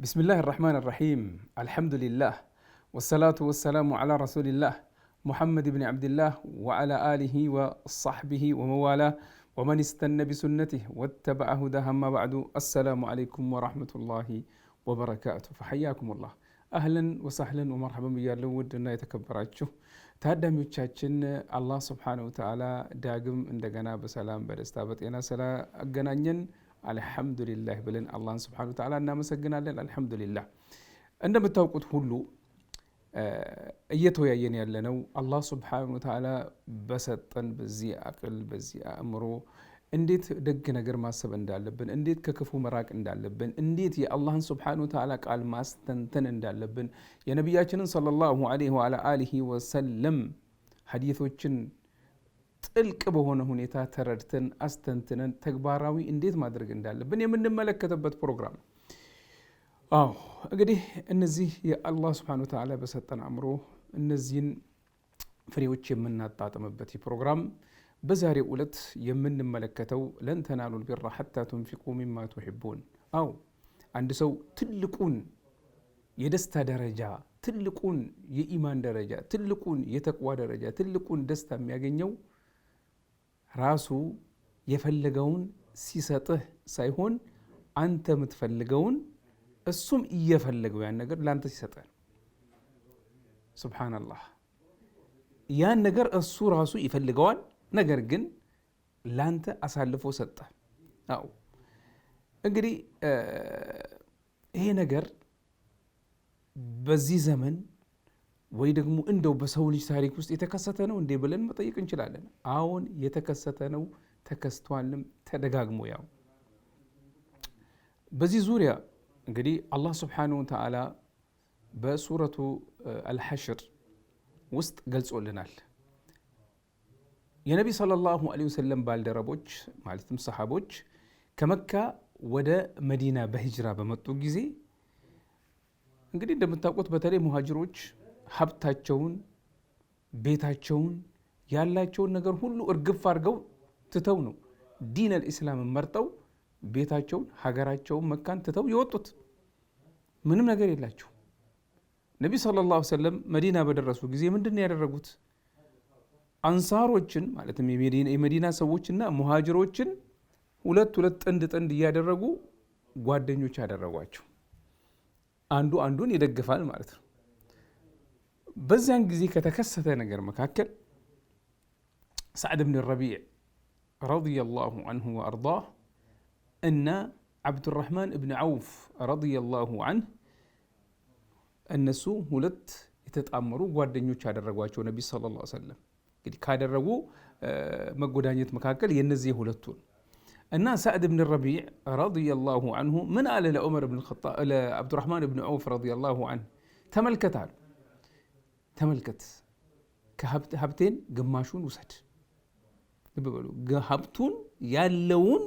بسم الله الرحمن الرحيم الحمد لله والصلاة والسلام على رسول الله محمد بن عبد الله وعلى آله وصحبه وموالاه ومن استنى بسنته واتبع هداه ما بعد السلام عليكم ورحمة الله وبركاته فحياكم الله أهلا وسهلا ومرحبا بيالو ودنا يتكبراتشو ታዳሚዎቻችን አላህ ስብሓን ወተዓላ ዳግም እንደገና በሰላም በደስታ በጤና ስላገናኘን አልሐምዱሊላህ ብለን አላህን ስብሐነሁ ወተዓላ እናመሰግናለን። አልሐምዱሊላህ እንደምታውቁት ሁሉ እየተወያየን ያለነው አላህ ስብሐነሁ ወተዓላ በሰጠን በዚህ አቅል በዚህ አእምሮ እንዴት ደግ ነገር ማሰብ እንዳለብን፣ እንዴት ከክፉ መራቅ እንዳለብን፣ እንዴት የአላህን ስብሐነሁ ወተዓላ ቃል ማስተንተን እንዳለብን የነቢያችንን ሰለላሁ ዐለይሂ ወዐላ ወሰለም ሀዲቶችን ጥልቅ በሆነ ሁኔታ ተረድተን አስተንትነን ተግባራዊ እንዴት ማድረግ እንዳለብን የምንመለከተበት ፕሮግራም ነው። አዎ እንግዲህ እነዚህ የአላህ ስብሐነ ወተዓላ በሰጠን አእምሮ እነዚህን ፍሬዎች የምናጣጥምበት ፕሮግራም በዛሬ ዕለት የምንመለከተው ለን ተናሉል ቢራ ሐታ ቱንፊቁ ሚማ ቱሒቡን። አዎ አንድ ሰው ትልቁን የደስታ ደረጃ ትልቁን የኢማን ደረጃ ትልቁን የተቅዋ ደረጃ ትልቁን ደስታ የሚያገኘው ራሱ የፈለገውን ሲሰጥህ ሳይሆን አንተ የምትፈልገውን እሱም እየፈለገው ያን ነገር ለአንተ ሲሰጥህ ነው። ሱብሓነላህ ያን ነገር እሱ ራሱ ይፈልገዋል፣ ነገር ግን ለአንተ አሳልፎ ሰጠህ። አዎ እንግዲህ ይሄ ነገር በዚህ ዘመን ወይ ደግሞ እንደው በሰው ልጅ ታሪክ ውስጥ የተከሰተ ነው እንዴ ብለን መጠየቅ እንችላለን። አሁን የተከሰተ ነው፣ ተከስቷልም ተደጋግሞ። ያው በዚህ ዙሪያ እንግዲህ አላህ ስብሓነሁ ወተዓላ በሱረቱ አልሐሽር ውስጥ ገልጾልናል። የነቢ ሰለላሁ ዐለይሂ ወሰለም ባልደረቦች ማለትም ሰሓቦች ከመካ ወደ መዲና በሂጅራ በመጡ ጊዜ እንግዲህ እንደምታውቁት በተለይ ሙሃጅሮች ሀብታቸውን፣ ቤታቸውን፣ ያላቸውን ነገር ሁሉ እርግፍ አድርገው ትተው ነው ዲን አልኢስላምን መርጠው ቤታቸውን፣ ሀገራቸውን፣ መካን ትተው የወጡት። ምንም ነገር የላቸው። ነቢ ሰለላሁ ዐለይሂ ወሰለም መዲና በደረሱ ጊዜ ምንድን ነው ያደረጉት? አንሳሮችን ማለትም የመዲና ሰዎችና ሙሃጅሮችን ሁለት ሁለት ጥንድ ጥንድ እያደረጉ ጓደኞች አደረጓቸው። አንዱ አንዱን ይደግፋል ማለት ነው። بزن زي كتكسث نجر مكاكل سعد بن الربيع رضي الله عنه وأرضاه أن عبد الرحمن بن عوف رضي الله عنه أن النسو ولت يتتأمروا قوادنيو شاد الرقواتشو النبي صلى الله عليه وسلم قد كاد الرقو آه، مقودانية مكاكل ينزي هلتون أن سعد بن الربيع رضي الله عنه من قال لعمر بن الخطاب لعبد الرحمن بن عوف رضي الله عنه تملكتان ተመልከት፣ ከሀብቴን ግማሹን ውሰድ። ልብ በሉ ሀብቱን ያለውን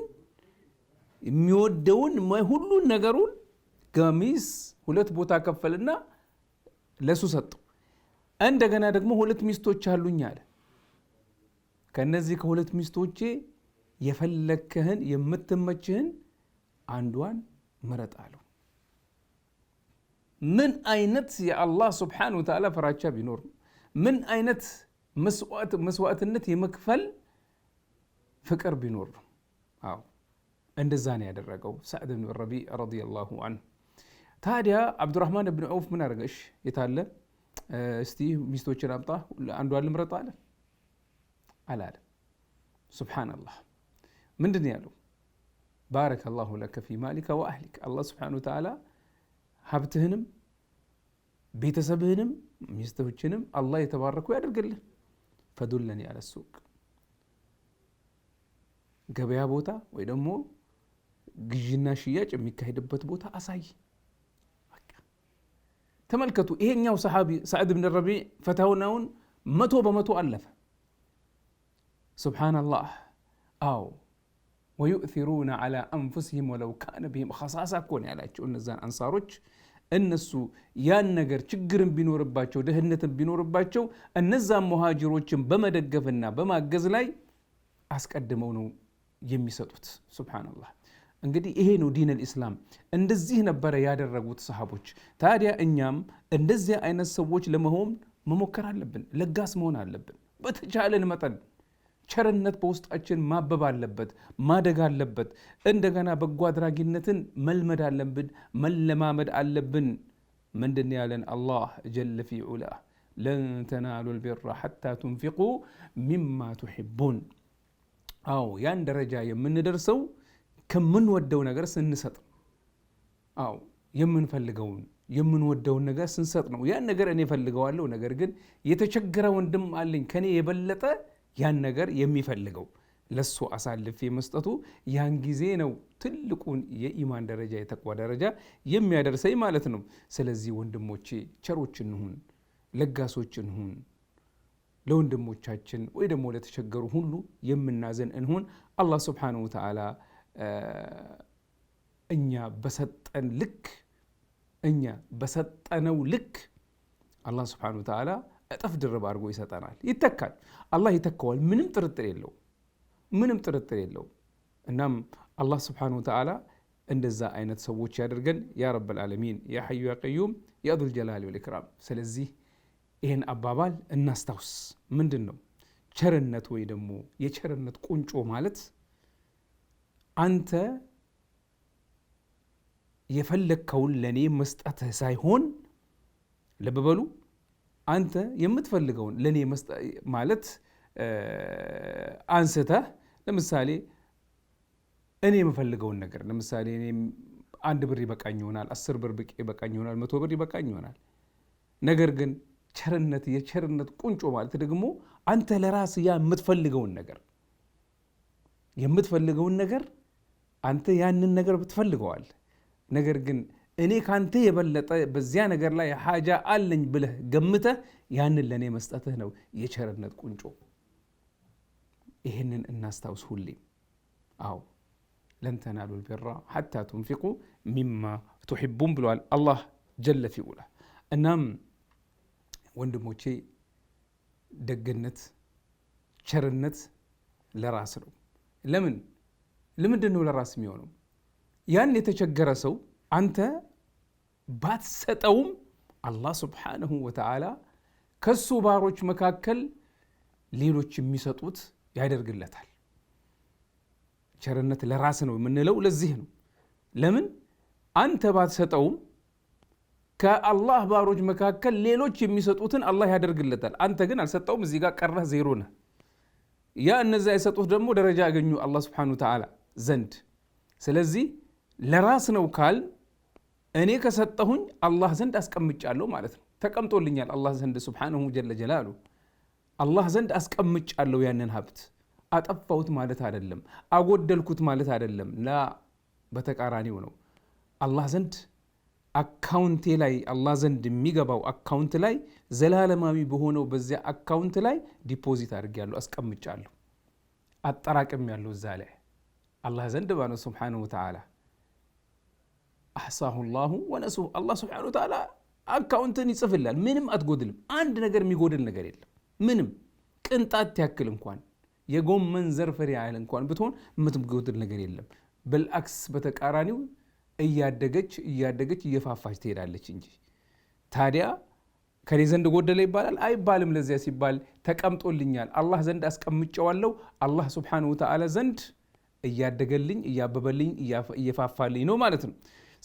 የሚወደውን ሁሉን ነገሩን ገሚስ ሁለት ቦታ ከፈልና ለሱ ሰጠው። እንደገና ደግሞ ሁለት ሚስቶች አሉኝ አለ። ከነዚህ ከሁለት ሚስቶቼ የፈለግክህን የምትመችህን አንዷን ምረጥ አለው። من أينت يا الله سبحانه وتعالى فراجة بنور من أينت مسوات مسوات النت مكفل فكر بنور أو عند الزانية هذا سعد بن الربيع رضي الله عنه تاديا عبد الرحمن بن عوف من أرجش يتعلى استي ميستوتش رابطة ولا عنده علم رطالة على سبحان الله من دنيا له بارك الله لك في مالك وأهلك الله سبحانه وتعالى ሀብትህንም ቤተሰብህንም ሚስትህችንም አላህ የተባረኩ ያደርግልህ ፈዱለኒ አለ ሱቅ ገበያ ቦታ ወይ ደግሞ ግዥና ሽያጭ የሚካሄድበት ቦታ አሳይ ተመልከቱ ይሄኛው ሰሓቢ ሳዕድ ብን ረቢዕ ፈተናውን መቶ በመቶ አለፈ ሱብሓነላህ አዎ ወዩእሩነ ላ አንፉሲህም ወለው ካነ ብህም ከሳሳ እኮ ነው ያላቸው እነዛን አንሳሮች። እነሱ ያን ነገር ችግርን ቢኖርባቸው ድህነትን ቢኖርባቸው እነዛን መሃጅሮችን በመደገፍና በማገዝ ላይ አስቀድመው ነው የሚሰጡት። ሱብሓነላህ። እንግዲህ ይሄ ነው ዲነል ኢስላም። እንደዚህ ነበረ ያደረጉት ሰሃቦች። ታዲያ እኛም እንደዚህ አይነት ሰዎች ለመሆን መሞከር አለብን፣ ለጋስ መሆን አለብን በተቻለን መጠን ቸርነት በውስጣችን ማበብ አለበት፣ ማደግ አለበት። እንደገና በጎ አድራጊነትን መልመድ አለብን፣ መለማመድ አለብን። ምንድን ያለን አላህ ጀለ ፊ ዑላ ለን ተናሉ ልቢራ ሐታ ቱንፊቁ ሚማ ቱሒቡን። አዎ ያን ደረጃ የምንደርሰው ከምንወደው ነገር ስንሰጥ፣ አዎ የምንፈልገውን የምንወደውን ነገር ስንሰጥ ነው። ያን ነገር እኔ ፈልገዋለሁ፣ ነገር ግን የተቸገረ ወንድም አለኝ ከኔ የበለጠ ያን ነገር የሚፈልገው ለሱ አሳልፌ መስጠቱ ያን ጊዜ ነው ትልቁን የኢማን ደረጃ የተቋ ደረጃ የሚያደርሰኝ ማለት ነው። ስለዚህ ወንድሞቼ ቸሮች እንሁን፣ ለጋሶች እንሁን፣ ለወንድሞቻችን ወይ ደግሞ ለተቸገሩ ሁሉ የምናዘን እንሁን። አላህ ሱብሓነሁ ወተዓላ እኛ በሰጠን ልክ እኛ በሰጠነው ልክ አላህ ሱብሓነሁ ወተዓላ እጥፍ ድርብ አድርጎ ይሰጠናል። ይተካል። አላህ ይተካዋል። ምንም ጥርጥር የለው፣ ምንም ጥርጥር የለው። እናም አላህ ስብሓነሁ ወተዓላ እንደዛ አይነት ሰዎች ያደርገን ያ ረብ ልዓለሚን፣ ያ ሐዩ ያ ቀዩም፣ ያ ዙል ጀላሊ ወል ኢክራም። ስለዚህ ይህን አባባል እናስታውስ። ምንድን ነው ቸርነት ወይ ደግሞ የቸርነት ቁንጮ ማለት አንተ የፈለግከውን ለእኔ መስጠትህ ሳይሆን ልብ በሉ አንተ የምትፈልገውን ለእኔ ማለት አንስተህ ለምሳሌ እኔ የምፈልገውን ነገር ለምሳሌ እኔ አንድ ብር ይበቃኝ ይሆናል፣ አስር ብር ይበቃኝ ይሆናል፣ መቶ ብር ይበቃኝ ይሆናል። ነገር ግን ቸርነት የቸርነት ቁንጮ ማለት ደግሞ አንተ ለራስ ያ የምትፈልገውን ነገር የምትፈልገውን ነገር አንተ ያንን ነገር ትፈልገዋል ነገር ግን እኔ ካንተ የበለጠ በዚያ ነገር ላይ ሓጃ አለኝ ብለህ ገምተህ ያንን ለእኔ መስጠትህ ነው የቸርነት ቁንጮ። ይህንን እናስታውስ ሁሌ። አዎ ለን ተናሉ ልቢራ ሓታ ትንፊቁ ሚማ ትሕቡን ብለዋል አላህ ጀለ ፊኡላ። እናም ወንድሞቼ ደግነት፣ ቸርነት ለራስ ነው። ለምን ለምንድን ነው ለራስ የሚሆነው? ያን የተቸገረ ሰው አንተ ባትሰጠውም አላህ ስብሓንሁ ወተዓላ ከሱ ባሮች መካከል ሌሎች የሚሰጡት ያደርግለታል። ቸርነት ለራስ ነው የምንለው ለዚህ ነው። ለምን አንተ ባትሰጠውም ከአላህ ባሮች መካከል ሌሎች የሚሰጡትን አላህ ያደርግለታል። አንተ ግን አልሰጠውም። እዚህ ጋር ቀረህ፣ ዜሮ ነህ። ያ እነዚያ የሰጡት ደግሞ ደረጃ ያገኙ አላህ ስብሓንሁ ተዓላ ዘንድ። ስለዚህ ለራስ ነው ካል እኔ ከሰጠሁኝ አላህ ዘንድ አስቀምጫለሁ ማለት ነው። ተቀምጦልኛል አላህ ዘንድ ሱብሓነሁ ጀለ ጀላሉ። አላህ ዘንድ አስቀምጫለሁ ያንን ሀብት። አጠፋሁት ማለት አይደለም፣ አጎደልኩት ማለት አይደለም። ላ በተቃራኒው ነው። አላህ ዘንድ አካውንቴ ላይ አላህ ዘንድ የሚገባው አካውንት ላይ ዘላለማዊ በሆነው በዚያ አካውንት ላይ ዲፖዚት አድርጌያለሁ፣ አስቀምጫለሁ፣ አጠራቅሜያለሁ እዛ ላይ አላህ ዘንድ ባነው ሱብሓነሁ ወተዓላ አሕሳሁ ላሁ ወነሱ አላህ ስብሓነሁ ወተዓላ አካውንትን ይጽፍላል። ምንም አትጎድልም። አንድ ነገር የሚጎድል ነገር የለም። ምንም ቅንጣት ያክል እንኳን የጎመን ዘር ፍሬ ያህል እንኳን ብትሆን የምትጎድል ነገር የለም። በልአክስ በተቃራኒው እያደገች እያደገች እየፋፋች ትሄዳለች እንጂ ታዲያ ከኔ ዘንድ ጎደለ ይባላል አይባልም። ለዚያ ሲባል ተቀምጦልኛል፣ አላህ ዘንድ አስቀምጨዋለሁ። አላህ ስብሓነሁ ወተዓላ ዘንድ እያደገልኝ እያበበልኝ እየፋፋልኝ ነው ማለት ነው።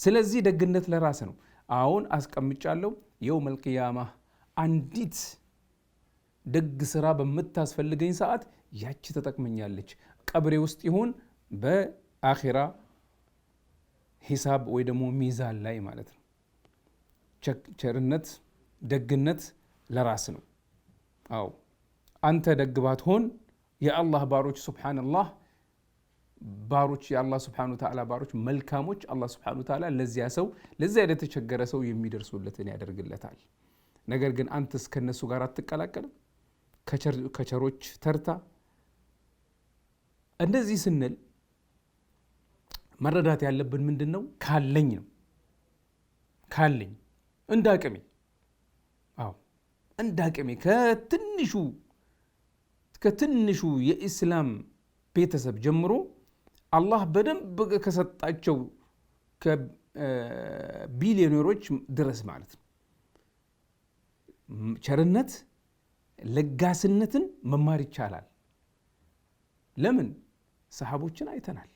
ስለዚህ ደግነት ለራስ ነው። አሁን አስቀምጫለሁ። የውመል ቂያማ አንዲት ደግ ስራ በምታስፈልገኝ ሰዓት ያቺ ተጠቅመኛለች። ቀብሬ ውስጥ ይሁን በአኼራ ሂሳብ ወይ ደግሞ ሚዛን ላይ ማለት ነው። ቸርነት ደግነት ለራስ ነው። አዎ አንተ ደግ ባትሆን የአላህ ባሮች ሱብሓነላህ ባሮች የአላህ ስብሐነ ወተዓላ ባሮች መልካሞች፣ አላህ ስብሐነ ወተዓላ ለዚያ ሰው ለዚያ ለተቸገረ ሰው የሚደርሱለትን ያደርግለታል። ነገር ግን አንተስ ከነሱ ጋር አትቀላቀልም ከቸሮች ተርታ። እንደዚህ ስንል መረዳት ያለብን ምንድን ነው? ካለኝ ነው ካለኝ እንደ አቅሜ አዎ እንደ አቅሜ ከትንሹ ከትንሹ የኢስላም ቤተሰብ ጀምሮ አላህ በደንብ ከሰጣቸው ከቢሊዮነሮች ድረስ ማለት ነው። ቸርነት ለጋስነትን መማር ይቻላል። ለምን ሰሃቦችን አይተናል።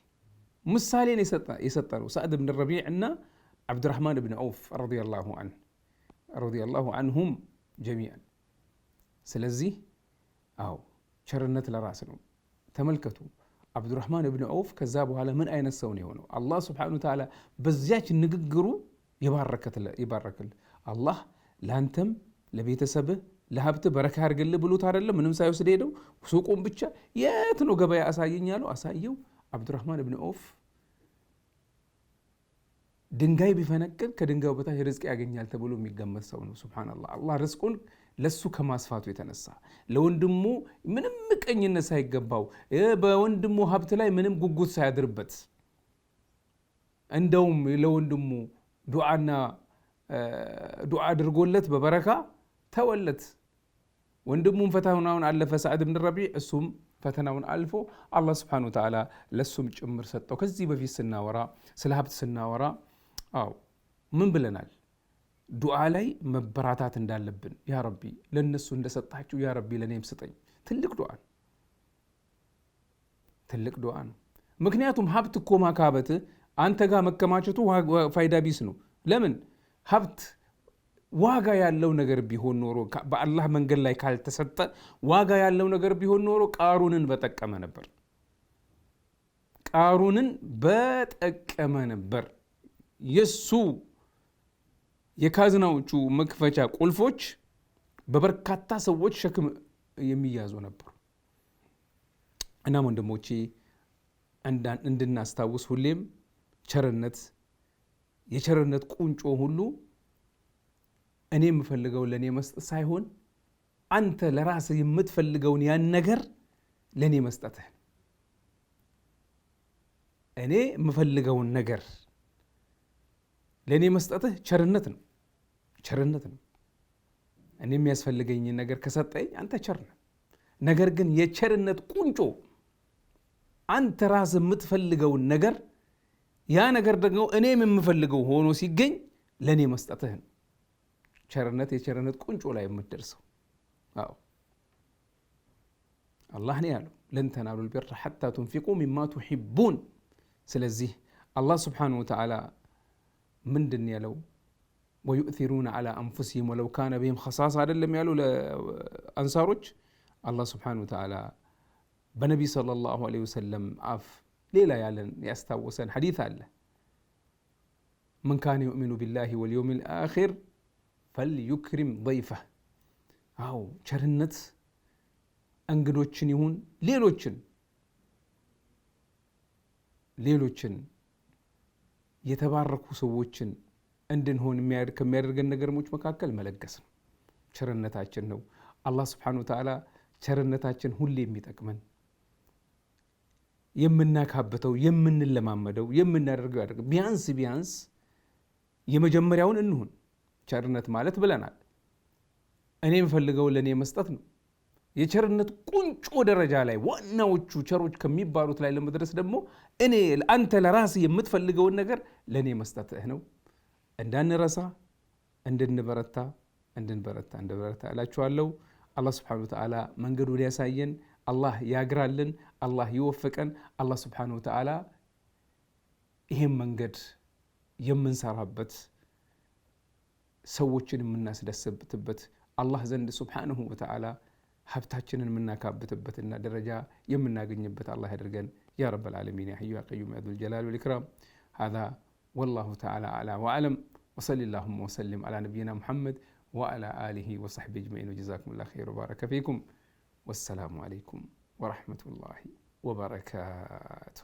ምሳሌን የሰጠ ነው። ሳዕድ ብን ረቢዕ እና ዓብድራህማን ብን አውፍ ረዲየላሁ አንሁም ጀሚዓን። ስለዚህ አዎ ቸርነት ለራስ ነው። ተመልከቱ አብዱራህማን እብን ዐውፍ ከዛ በኋላ ምን አይነት ሰው ነው የሆነው? አላህ ስብሓነሁ ወተዓላ በዚያች ንግግሩ ይባረክል። አላህ ለአንተም ለቤተሰብህ ለሀብት በረካ ያርግልህ ብሎት አይደለም? ምንም ሳይወስድ ሄደው ሱቁም ብቻ የት ነው ገበያ አሳየኝ ያለው አሳየው። አብዱራህማን እብን ዐውፍ ድንጋይ ቢፈነቅል ከድንጋዩ በታች ርዝቅ ያገኛል ተብሎ የሚገመት ሰው ነው። ሱብሓነላህ አላህ ርዝቁን ለሱ ከማስፋቱ የተነሳ ለወንድሙ ምንም ምቀኝነት ሳይገባው በወንድሙ ሀብት ላይ ምንም ጉጉት ሳያድርበት እንደውም ለወንድሙ ዱዓና ዱዓ አድርጎለት በበረካ ተወለት። ወንድሙም ፈተናውን አለፈ። ሳዕድ ብን ረቢዕ እሱም ፈተናውን አልፎ አላህ ስብሓነሁ ወተዓላ ለሱም ጭምር ሰጠው። ከዚህ በፊት ስናወራ ስለ ሀብት ስናወራ አዎ ምን ብለናል? ዱዓ ላይ መበራታት እንዳለብን ያ ረቢ ለእነሱ እንደሰጣችሁ ያ ረቢ ለእኔም ስጠኝ። ትልቅ ዱዓ ነው፣ ትልቅ ዱዓ ነው። ምክንያቱም ሀብት እኮ ማካበት አንተ ጋር መከማቸቱ ፋይዳ ቢስ ነው። ለምን ሀብት ዋጋ ያለው ነገር ቢሆን ኖሮ በአላህ መንገድ ላይ ካልተሰጠ ዋጋ ያለው ነገር ቢሆን ኖሮ ቃሩንን በጠቀመ ነበር፣ ቃሩንን በጠቀመ ነበር የሱ የካዝናዎቹ መክፈቻ ቁልፎች በበርካታ ሰዎች ሸክም የሚያዙ ነበሩ። እናም ወንድሞቼ እንድናስታውስ ሁሌም ቸርነት የቸርነት ቁንጮ ሁሉ እኔ የምፈልገው ለእኔ መስጠት ሳይሆን አንተ ለራስህ የምትፈልገውን ያን ነገር ለእኔ መስጠትህ እኔ የምፈልገውን ነገር ለእኔ መስጠትህ ቸርነት ነው ቸርነት ነው። እኔ የሚያስፈልገኝን ነገር ከሰጠኝ አንተ ቸር ነህ። ነገር ግን የቸርነት ቁንጮ አንተ ራስህ የምትፈልገውን ነገር ያ ነገር ደግሞ እኔም የምፈልገው ሆኖ ሲገኝ ለእኔ መስጠትህ ነው። ቸርነት የቸርነት ቁንጮ ላይ የምትደርሰው አዎ አላህ ነው ያለው ለን ተናሉ ልቢራ ሐታ ቱንፊቁ ሚማ ቱሒቡን። ስለዚህ አላህ ስብሓነሁ ወተዓላ ምንድን ያለው ወዩእሩነ ላ አንፉሲሂም ወለው ካነ ብህም ከሳሳ አይደለም ያሉ ለአንሳሮች አላህ ስብሓነሁ ወተዓላ በነቢ ሰለላሁ ዐለይሂ ወሰለም አፍ ሌላ ያለን ያስታወሰን ሐዲት አለ። መን ካነ ዩእሚኑ ቢላሂ ወልየውሚል አኺር ፈልዩክሪም ደይፈህ። አዎ ቸርነት እንግዶችን ይሁን ሌሎችን ሌሎችን የተባረኩ ሰዎችን እንድንሆን ከሚያደርገን ነገሮች መካከል መለገስ ነው፣ ቸርነታችን ነው። አላህ ስብሓነሁ ወተዓላ ቸርነታችን ሁሌ የሚጠቅመን የምናካብተው፣ የምንለማመደው፣ የምናደርገው ያደርግ ቢያንስ ቢያንስ የመጀመሪያውን እንሁን። ቸርነት ማለት ብለናል፣ እኔ የምፈልገው ለእኔ መስጠት ነው። የቸርነት ቁንጮ ደረጃ ላይ ዋናዎቹ ቸሮች ከሚባሉት ላይ ለመድረስ ደግሞ እኔ አንተ ለራስ የምትፈልገውን ነገር ለእኔ መስጠትህ ነው። እንዳንረሳ እንድንበረታ እንድንበረታ እንድንበረታ እላችኋለሁ። አላህ ስብሓነሁ ወተዓላ መንገዱን ያሳየን፣ አላህ ያግራልን፣ አላህ ይወፍቀን። አላህ ስብሓነሁ ወተዓላ ይህም መንገድ የምንሰራበት ሰዎችን የምናስደሰብትበት አላህ ዘንድ ስብሓነሁ ወተዓላ ሀብታችንን የምናካብትበትና ደረጃ የምናገኝበት አላህ ያደርገን ያ ረበል ዓለሚን ያ ሐዩ ያ ቀዩም ያ ዘል ወል ኢክራም ሀዛ ወላሁ ተዓላ አላ ወአዕለም ወሰሊ ላሁማ ወሰሊም አላ ነቢይና ሙሐመድ ወአላ አሊሂ ወሰሕቢ አጅመዒን ወጀዛኩም ላ ኸይር ወባረከ ፊኩም ወሰላሙ አለይኩም ወረሕመቱላሂ ወበረካቱ